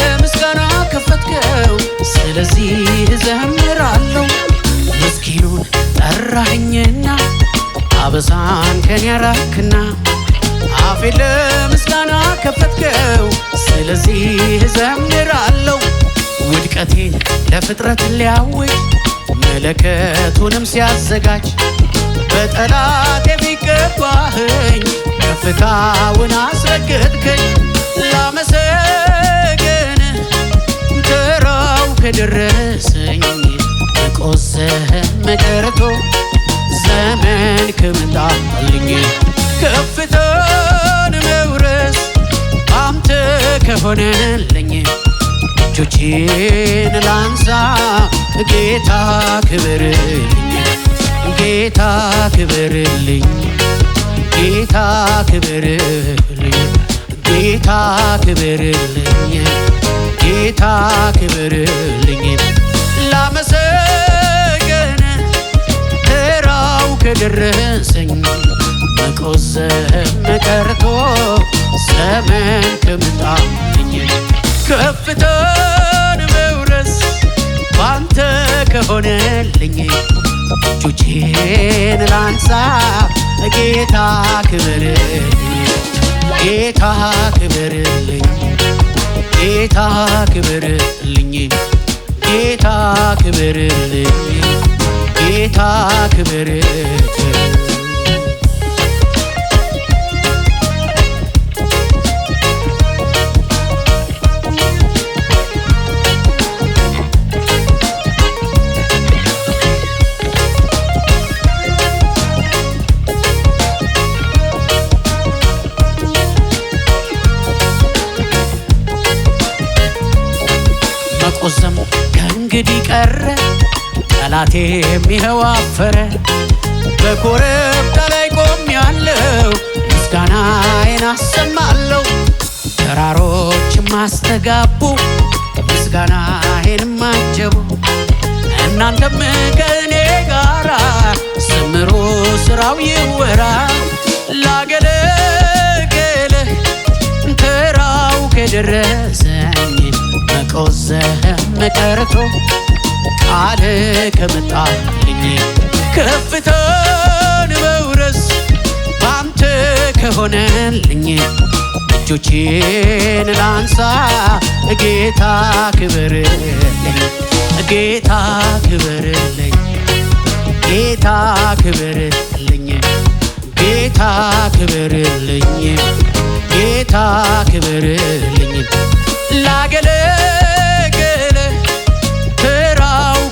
ለምስጋና ከፈትከው፣ ስለዚህ እዘምራለሁ። ምስኪኑን ጠራኸኝና አበሳን ከኔ ያራክና አፌ ለምስጋና ከፈትከው፣ ስለዚህ እዘምራለሁ። ውድቀቴን ለፍጥረት ሊያውጅ መለከቱንም ሲያዘጋጅ በጠላቴ ቢገባኸኝ ከፍታውን አስረገጥከኝ ላመሰ ከደረሰኝ ቆዘህም ቀርቶ ዘመን ከመጣልኝ ከፍታን መውረስ አንተ ከሆነልኝ እጆቼን ላንሳ ጌታ ክበርልኝ ጌታ ክበርልኝ ጌታ ክበርልኝ ጌታ ክበርልኝ ጌታ ክብርልኝ ላመሰገን ተራው ከደረሰኝ መቆዘም ቀርቶ ዘመን ከምጣልኝ ከፍታን መውረስ ባንተ ከሆነልኝ እጆቼን ላንሳ ጌታ ክብርልኝ ጌታ ክብርልኝ ጌታ ክብርልኝ ጌታ ክብርልኝ ጌታ ክብር ቆዘም ደሞ ከእንግዲህ ቀረ ጠላቴ የሚኸው አፈረ። በኮረብታ ላይ ቆሜያለሁ ምስጋናዬን አሰማለሁ። ተራሮችም አስተጋቡ ምስጋናዬን አጀቡ። እናንተም ከእኔ ጋራ ስምሮ ስራው ይወራ ላገለግልህ ተራው ከደረ ተጠርቶ አለ ከመጣልኝ ከፍታን መውረስ ባንተ ከሆነልኝ እጆቼን ላንሳ ጌታ ክበርልኝ፣ ጌታ ክበርልኝ፣ ጌታ ክበርልኝ፣ ጌታ ክበርልኝ፣ ጌታ ክበርልኝ ላገለ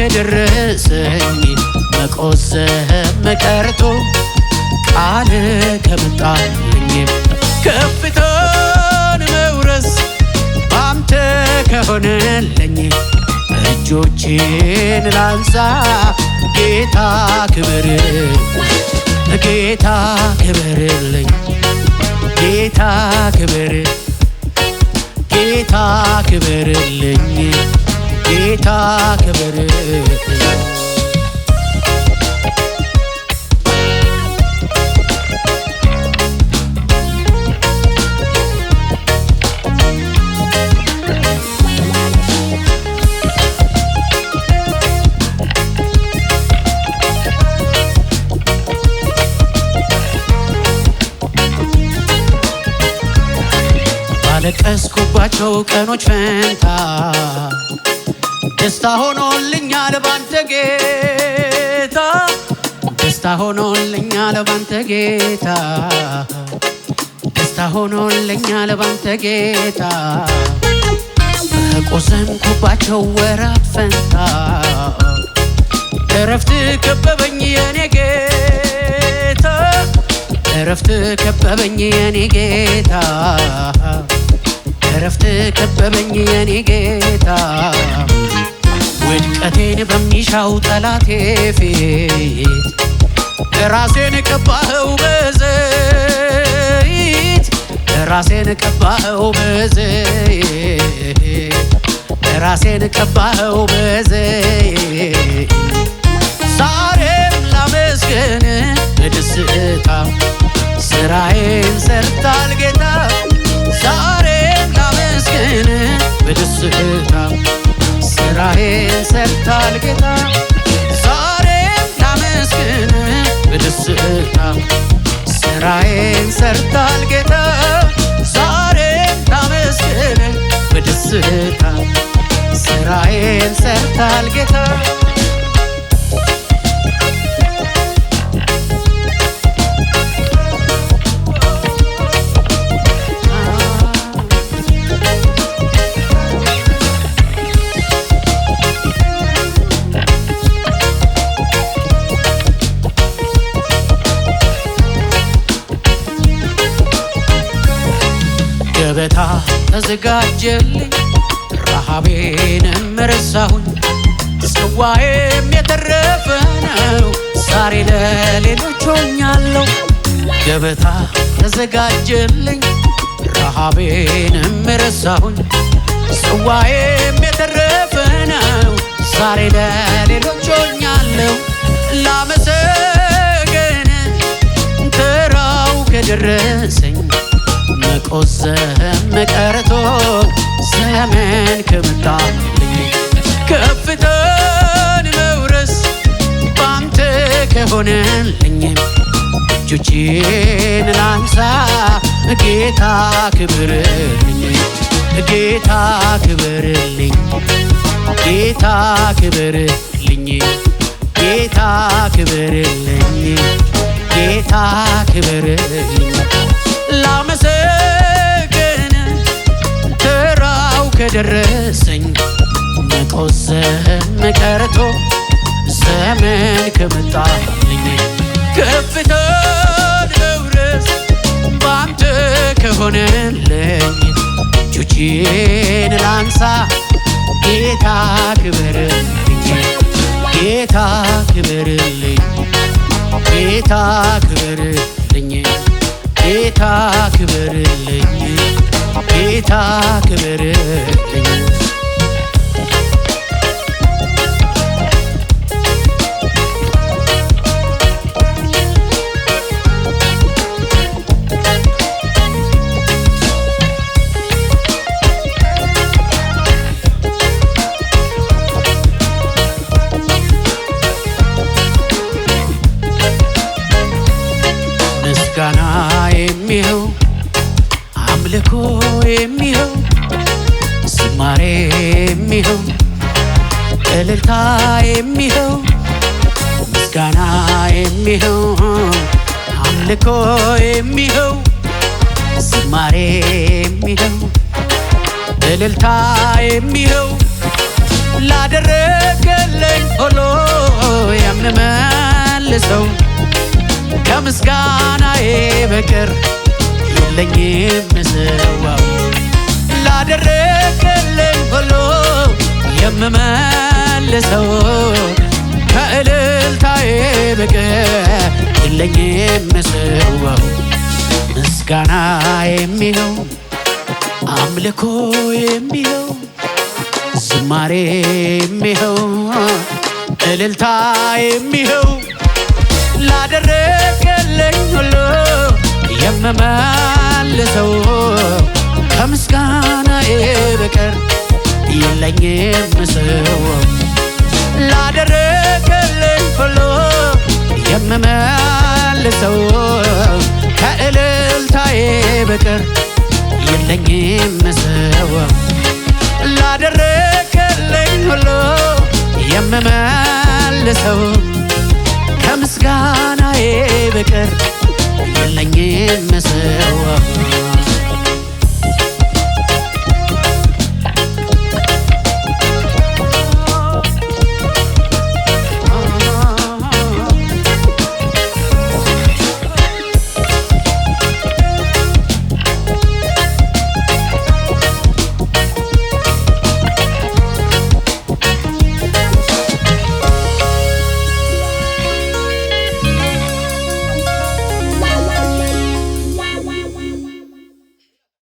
ከደረሰኝ መቆዘም መቀርቶ ቃል ከመጣልኝ ከፍታን መውረስ ባንተ ከሆነልኝ እጆቼን ላንሳ ጌታ ክብር ጌታ ክብርልኝ ጌታ ክብር ጌታ ክብርልኝ ጌታ ክብር ባለቀስኩባቸው ቀኖች ፈንታ ደስታ ሆኖልኛል ባንተ ጌታ፣ ደስታ ሆኖልኛል ባንተ ጌታ፣ ደስታ ሆኖልኛል ባንተ ጌታ። በቆዘንኩባቸው ወራት ፈንታ እረፍት ከበበኝ የኔ ጌታ፣ እረፍት ከበበኝ የኔ ጌታ፣ እረፍት ከበበኝ የኔ ጌታ ሻው ጠላቴ ፊት ራሴን ቀባኸው በዘይት ራሴን ቀባኸው በዘይት ራሴን ቀባኸው በዘይት ተዘጋጀልኝ ረሃቤንም ረሳሁኝ ጽዋዬም የተረፈ ነው ዛሬ ለሌሎች ሆኛለሁ ገበታ ተዘጋጀልኝ ረሃቤንም ረሳሁኝ ጽዋዬም የተረፈ ነው ዛሬ ለሌሎች ሆኛለሁ ላመሰገን ተራው ከደረሰ ሊቆዘም ቀርቶ ዘመን ከመጣ ከፍታን መውረስ ባንተ ከሆነልኝ እጆቼን ላንሳ ጌታ ክብርልኝ ጌታ ክብርልኝ ጌታ ክብርልኝ ጌታ ክብርልኝ ጌታ ክብርልኝ ደረሰኝ መቆዘ መቀረቶ ዘመን ከመጣልኝ ከፍታን መውረስ በአንተ ከሆነልኝ እጆቼን ላንሳ ጌታ ክበርልኝ ጌታ ክበርልኝ ጌታ ክበርልኝ ጌታ ክበርልኝ ጌታ ክብር እልልታ የሚኸው ምስጋና የሚኸው አምልኮ የሚኸው ዝማሬ የሚኸው እልልታ የሚኸው ላደረገለኝ ሆሎ የምንመልሰው ከምስጋናዬ በቀር የለኝም ምስዋው ላደረገለኝ ሆሎ የምመ መልሰው ከእልልታዬ በቀር የለኝም ምስዋው ምስጋና የሚለው አምልኮ የሚለው ዝማሬ የሚኸው እልልታ የሚኸው ላደረገልኝ ሁሉ የምመልሰው ከምስጋና በቀር የለኝም ምስዋው ላደረገልኝ ሁሉ የምመልሰው ከእልልታዬ በቀር የለኝም ሰው ላደረገልኝ ሁሉ የምመልሰው ከምስጋናዬ በቀር የለኝም ሰው